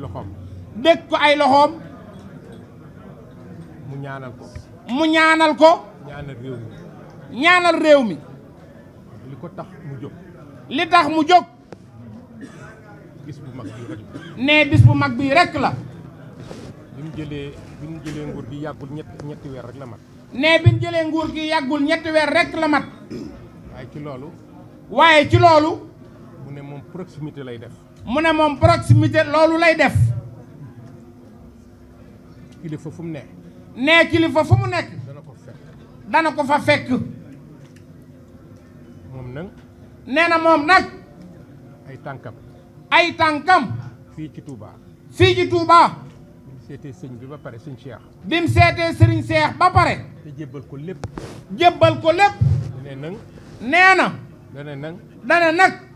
loxom dégg ko ay loxoom mu ñaanal ko mu ñaanal ko ñaanal réew mi ñaanal réew mi li tax mu jóg li tax mu bis bu mag bi rek ne bis bu mag bi rek la bi mu jëlee bi nguur gi yàggul ñetti ñetti rek la mat ne bi mu nguur gi ñetti rek la mat waaye ci loolu waaye ci loolu mu ne proximité lay def mu ne moom proximité loolu lay def kilifa fu mu ne nee kilifa fu mu nekk dana ko fa fekk moom nag nee na moom nag ay tànkam ay tànkam fii ci Touba fii ci Touba seetee sëñ bi ba pare sëñ Cheikh. bi mu seetee sëriñ Cheikh ba pare. te jébbal ko lépp. jébbal ko lépp. nee na. nee na. dana nag. dana nag.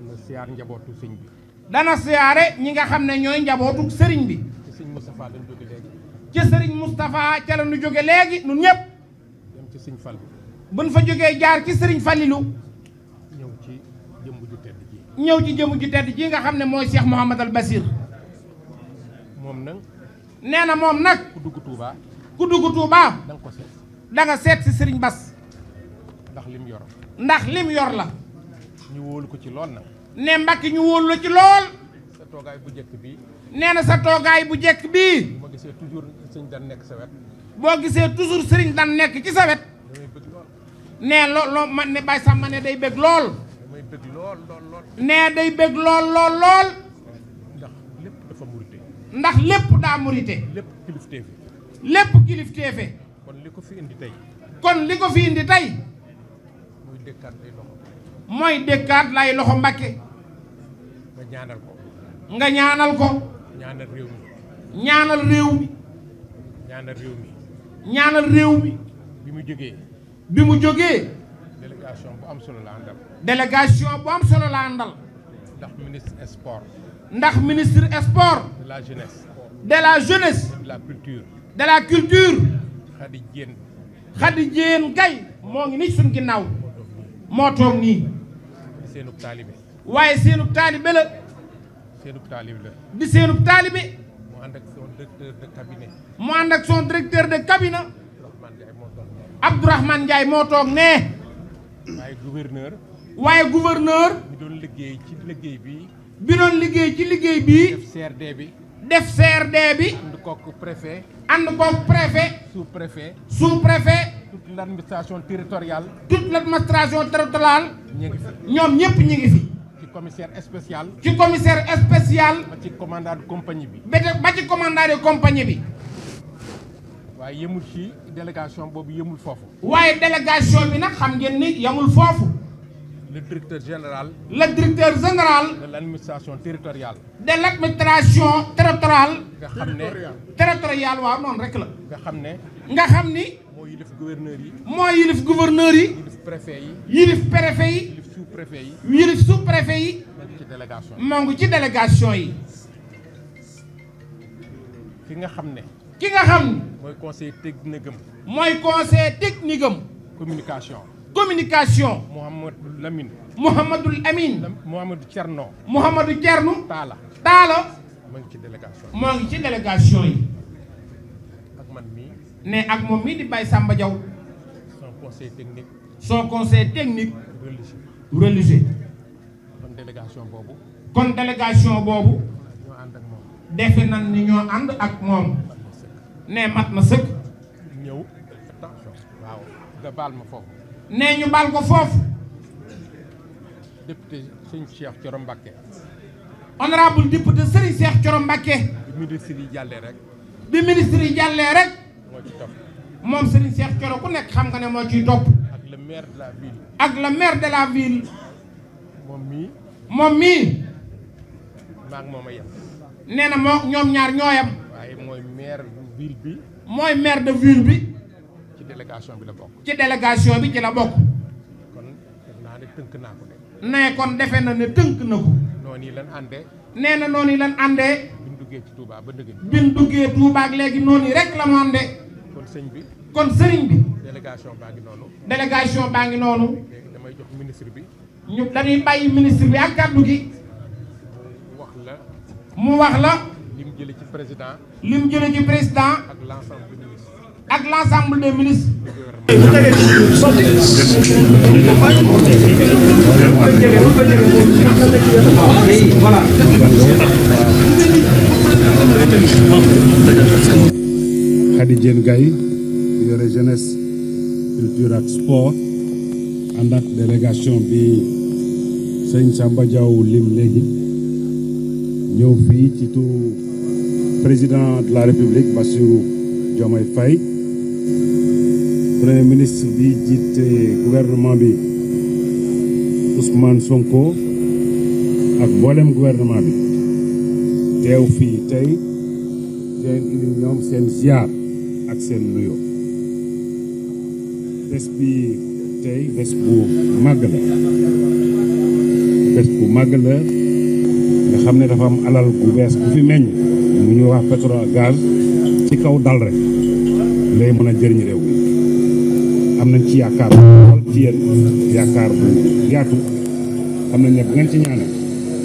dana siyaar njabootu sëñ siyaare ñi nga xam ne ñooy njabootu sëriñ bi. ci sëñ Moustapha lañ jóge léegi. ci sëriñ Moustapha ca la ñu jóge léegi ñun ñëpp. dem ci sëñ Fall. buñ fa jógee jaar ci sëriñ Falilou. ñëw ci jëmm ju tedd ñëw ci jëmm ju tedd nga xam ne mooy Cheikh Mouhamadal Basir. moom nag. nee na moom nag. ku dugg Touba. ku ko seet. da seet sëriñ Bas. ndax lim yor. ndax lim yor la. ñu wóolu ko ci lool nag. ne Mbacke ñu wóolu la ci lool. sa toogaay bu njëkk bii. nee na sa toogaay bu njëkk bii. boo gisee toujours sëriñ dan nekk sa wet. boo gisee toujours sëriñ dan nekk ci sa wet. nee loo loo man ne Baye Samba ne day bëgg lool. damay bëgg lool lool nee day bëgg lool lool lool. ndax lépp dafa murite. ndax lépp daa murite. lépp kilifteefe. lépp kilifteefe. kon li ko fi indi tey. kon li ko fi indi tey. muy dékkaat ay mooy déggaat lay loxo Mbàkke nga ñaanal ko nga ñaanal ko ñaanal réew mi ñaanal réew mi ñaanal réew mi bi mu jógee bi mu jógee délégation bu am solo la àndal délégation bu am solo la àndal ndax ministre sport ndax ministre sport de la jeunesse de la jeunesse la culture de la culture Khady Diène kay moo ngi ni suñ ginnaaw moo toog nii seenub taalibe waaye seenub taalibe la seenub taalibe la di seenub taalibe mu ànd ak son directeur de cabinet mu ànd ak son directeur de cabinet Abdourahmane Ndiaye moo toog nee waaye gouverneur waaye gouverneur bi doon liggéey ci liggéey bi bi doon liggéey ci liggéey bi def CRD bi def CRD bi ànd kook préfet ànd kook préfet sous préfet sous préfet toute l'administration territoriale. toute l'administration territoriale. ñu ñëpp commissaire spécial. ci commissaire spécial. ba commandant de compagnie bi. commandant de compagnie bi. délégation Bobby yemul Oui, La délégation bi nag xam le directeur général. le directeur général. de l'administration territoriale. de l'administration territoriale. xam ne territoriale waaw non, rek la. nga xam moi, gouverneur yi. yilif gouverneur yi. yilif préfet yi. préfet sous préfet yi. sous préfet ci délégation yi ki nga xamné ki nga xam. moy conseil technique moy technique communication. communication. Mohamedou Lamine. Mohamedou Lamine. mohamed Thierno. Mouhamadou le Tala. Tala. délégation délégation man mii. ne ak moom mii di Baye Samba Diaw. son conseil technique. son conseil technique. religieux. kon délégation boobu. kon délégation boobu. ñoo ànd ak moom. defe nan ni ñoo ànd ak moom. ne mat na sëkk. ñëw ma foofu. ne ñu baal ko foofu. député sëñ Cheikh Thioro Mbacké. honorable député Serigne Cheikh Thioro Mbacké. bi ministre yi jàllee rek moom Serigne Cheikh Thioro ku nekk xam nga ne moo ciy topp. ak le maire de la ville. ak le maire de la ville. moom mii. moom mii. maa moom a yem. nee moo ñoom ñaar ñoo waaye mooy maire de ville bi. mooy maire de ville bi. ci délégation bi la bokk. ci délégation bi ci la bokk. kon def naa ne tënk naa ko de. nee ne tënk na ko. noonu yi àndee. nee noonu yi àndee. duggee ci Touba ba dëgg. bi mu léegi noonu rek la mu am bi. kon sëriñ bi. délégation baa ngi baa ngi noonu. léegi damay jox ministre bi. ñu dañuy bàyyi ministre bi ak kàddu gi. mu wax la. mu wax la. li mu jëlee ci président. li mu ci président. ak l'ensemble des ministres. ak l'ensemble des ministres voilà Khady Diène yore jeunesse culture sport délégation bi Samba Diaw lim ci président de la République Bassirou Diomaye Faye premier ministre bi jiite gouvernement bi Ousmane Sonko ak mboolem gouvernement bi teew fii tey teen indi ñoom seen ziar ak seen nuyo bés bi tey bés bu màgg la bés bu màgg la nga xam ne dafa am alal bu bees bu fi meññ mu ñu wax pétrole gaz ci kaw dal rek lay mën a jëriñ réew mi am nañ ci yaakaar lool ci yéen yaakaar bu yaatu am nañ ne ngeen ci ñaanal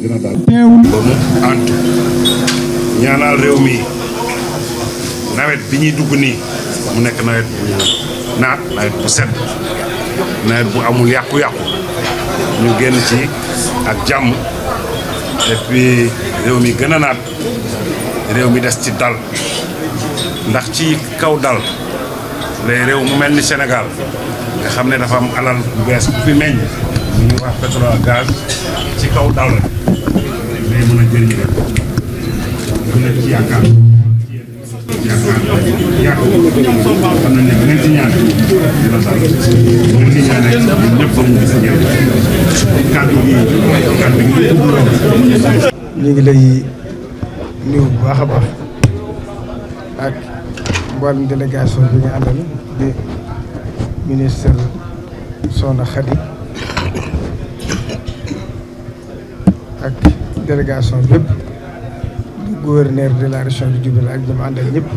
dina daal. ba mu antu ñaanal réew mi nawet bi ñuy dugg nii mu nekk nawet bu naat nawet bu set nawet bu amul yàqu-yàqu ñu génn ci ak jàmm et puis réew mi gën a naat réew mi des ci dal ndax ci kaw dal. léegi réew mu mel ni Sénégal nga xam ne dafa am alal bu bees bu fi mu ñu wax pétrole ak ci kaw dal la a jëriñ rek xam ne bu ngeen ci ñaan dina dal bu ngeen ci ñaan rek ñëpp dañu gis baax a baax mboolem délégation bi nga àndal di ministre Soxna Khady ak délégation bépp du gouverneur de la région du Diourbel ak ñoom àndal ñëpp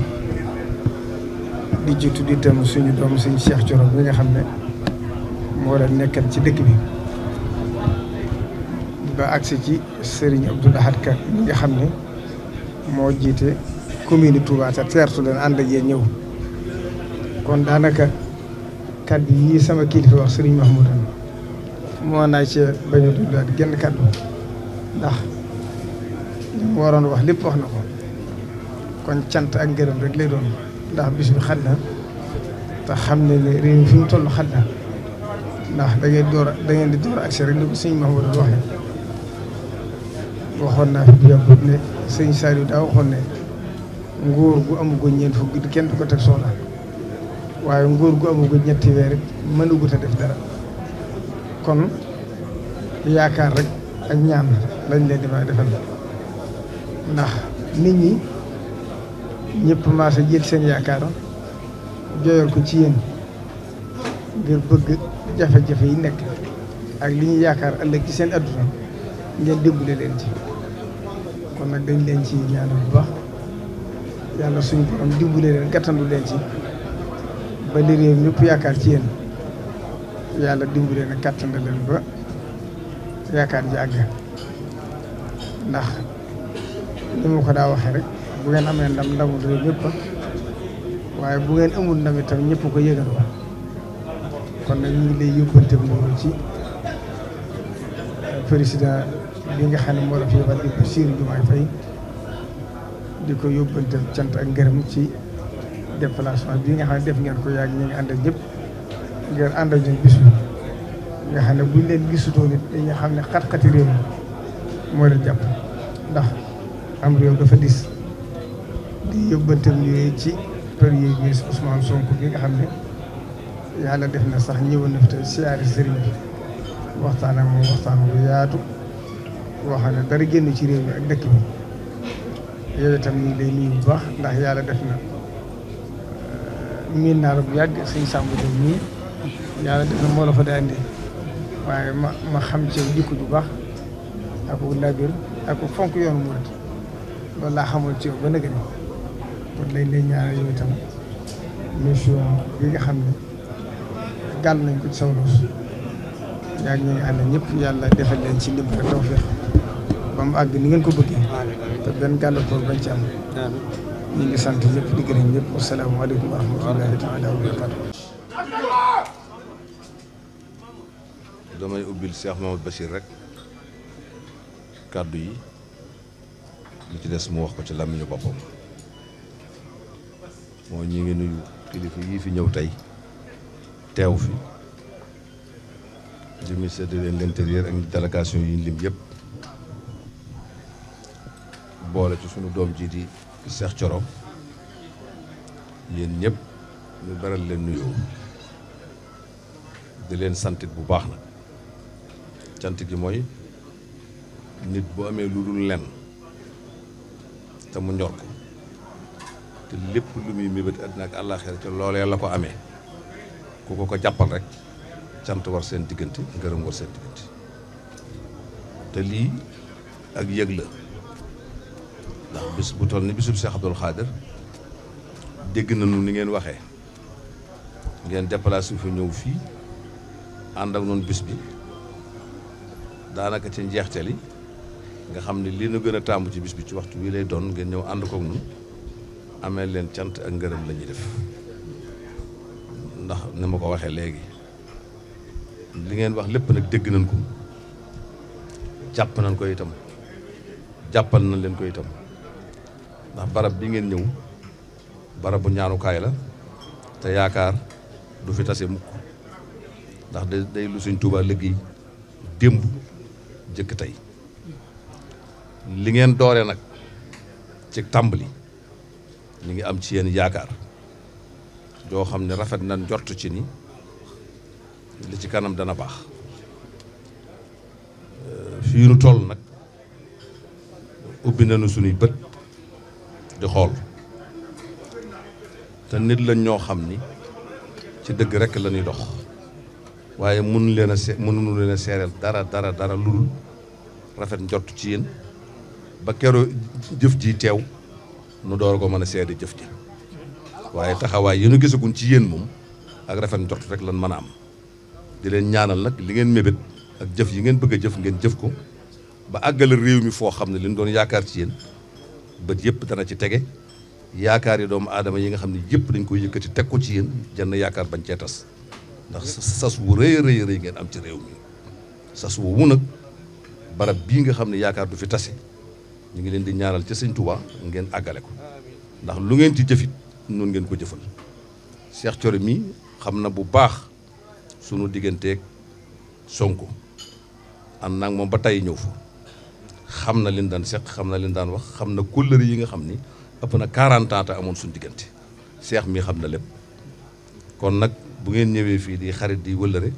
di ci tudd suñu doom suñu Cheikh Thioro bi nga xam ne moo leen nekkal ci dëkk bi ba agsi ci Serigne Abdoul Ahad Ka nga xam ne moo jiite commune Touba te teertu leen ànd ak yéen ñëw kon daanaka kaddu yii sama kilifa wax Serigne Mahmoudan moo naa ci bañ a dundal genn kaddu ndax li mu waroon wax lépp wax na ko kon cant ak ngërëm rek lay doon ndax bis bi xat na te xam ne ni réew mi fi mu toll xat na ndax da ngay door da ngeen di door accès rek ni ko Serigne Mahmoudan waxee waxoon naa fi bu yàggut ne Serigne Saliou daa waxoon ne. nguur gu amugo ñeent fukk kenn du ko teg soxla waaye nguur gu amugo ñetti weer mën mënugut a def dara kon yaakaar rek ak ñaan lañ leen di may defal ndax nit ñi ñëpp maase jël seen yaakaar jooyal ko ci yéen ngir bëgg jafe-jafe yi nekk ak li ñuy yaakaar ëllëg ci seen adduna ngeen dimbale leen ci kon nag dañ leen ci ñaanal bu baax yàlla suñu borom dimbale leen gàttandu leen ci ba li réew ñëpp yaakaar ci yéen yàlla dimbale na gàttandu leen ba yaakaar ji àgg ndax ni ma ko daa waxee rek bu ngeen amee ndam ndamu réew ñëpp waaye bu ngeen amul ndam tamit ñëpp ko yëgal kon nag ñu ngi lay yóbbante moom ci président bi nga xam ne moo la fi yebal di ko Bassirou Diomaye Faye di ko yóbbante cant ak ngërëm ci déplacement bi nga xam ne def ngeen ko yàgg ñu ngi ànd ak ñëpp ngeen ànd ak ñun bis nga xam ne buñ leen gisutoo nit dañuy xam ne xat-xati réew mi mooy la jàpp ndax am réew dafa dis di yóbbantam ñëwee ci premier ministre Ousmane Sonko bi nga xam ne yàlla def na sax ñëwoon na fi te siyaari sëriñ bi waxtaan waxtaan bu yaatu boo xam ne dara génn ci réew mi ak dëkk bi. yooyu itam ñu lay nuyu bu baax ndax yàlla def na miin naa la bu yàgg sëñ Samb Diop mii yàlla def na moo la fa daa indi waaye ma ma xam ci jikko ju baax ak ko labir ak ko fonk yoonu murit loolu laa xamul ci yow ba nag kon lañ lay ñaanal yow itam mission bi nga xam ne gàll nañ ko ci sa loos yaa ñëpp yàlla defal leen ci lim ak tawfeex ba mu àgg ni ngeen ko bëggee. te benn gàllankoor bañ ci am. ñu ngi sant ñëpp di gërëm ñëpp asalaamaaleykum wa rahmatullahi taala wa barakaatu. damay ubbil Cheikh Mamadou Bachir rek kàddu yi li ci des mu wax ko ci làmmiñu boppam moo ñi ngi nuyu kilifa yii fi ñëw tey teew fi. di ministère de l'intérieur ak délégation yi lim yëpp. boole ci sunu doom ji di Cheikh Thioro yéen ñépp ñu beral leen nuyoo di leen santit bu baax nag cant gi mooy nit bu amee lu dul lenn te mu ñor ko te lépp lu muy mébét àddina ak àllaaxira ca loolee la ko amee ku ko ko jàppal rek cant war seen diggante ngërëm war seen diggante te lii ak yëg la ndax bis bu toll ni bisub Cheikh Abdoul Khadir dégg nañu ni ngeen waxe ngeen déplacé fi ñëw fii ànd ak noonu bis bi daanaka ci njeexteel yi nga xam ne lii nu gën a tàmbu ci bis bi ci waxtu wii lay doon ngeen ñëw ànd koog nun amee leen cant ak ngërëm lañuy def ndax ni ma ko waxee léegi li ngeen wax lépp nag dégg nañ ko jàpp nañ ko itam jàppal nañ leen ko itam ndax barab bi ngeen ñëw barabu kay la te yaakar du fi tassé mukk ndax day day lu suñ touba liggéey demb jëk tay li ngeen doore nak ci tambali ñi ngi am ci yeen yaakar rafet ci ni li ci kanam dana baax fi ñu toll nak ubbi nañu suñu bëtt di xool te nit lañ ñoo xam ni ci dëgg rekk la dox waaye mënu leen a leen a seereel dara dara dara lul rafet njort ci yéen ba keroo jëf ji teew nu door ko mën a seede jëf ji waaye taxawaay yi gisaguñ ci yéen moom ak rafet njort rek lan mën a am di leen ñaanal nag li ngeen mébét ak jëf yi ngeen bëgg a jëf ngeen jëf ko ba àggale réew mi foo xam ne li ñu doon yaakaar ci yéen bët yëpp dana ci tege yaakaar yi doomu aadama yi nga xam ne yëpp dañ koy yëkkati teg ko ci yéen jenn yaakaar bañ cee tas ndax sas wu rëy rëy rëy ngeen am ci réew mi sas woowu nag barab bii nga xam ne yaakaar du fi tase ñu ngi leen di ñaanal ci sëñ Tuubaa ngeen àggale ko ndax lu ngeen ci jëfit noonu ngeen ko jëfal Cheikh Thioro mi xam na bu baax sunu digganteeg Sonko ànd nag moom ba tey ñëw fa xam na li ñu daan seq xam na li ñu daan wax xam na kóllëre yi nga xam ni ëpp na 40 amoon suñu diggante seex mi xam na lépp kon nag bu ngeen ñëwee fii di xarit di wëllëre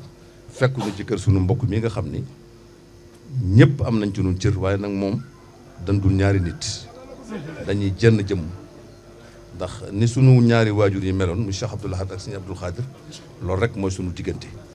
fekk ñu ci kër suñu mbokk mii nga xam ni ñëpp am nañ ci nun cër waaye nag moom dañ dul ñaari nit dañuy jenn jëm ndax ni sunu ñaari waajur yi meloon mu Cheikh Abdoul Ahad ak sëñ Abdoul Khadir loolu rek mooy sunu diggante